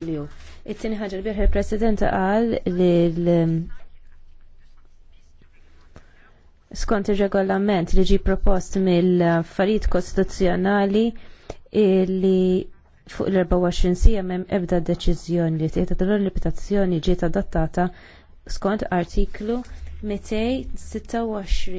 It-tini ħagġa l-bieħ il-President għal li l skont il-regolament li ġi propost mill-affarijiet kostituzzjonali li fuq l-24 sija mem ebda deċiżjoni li tieta l reputazzjoni ġiet adattata skont artiklu 226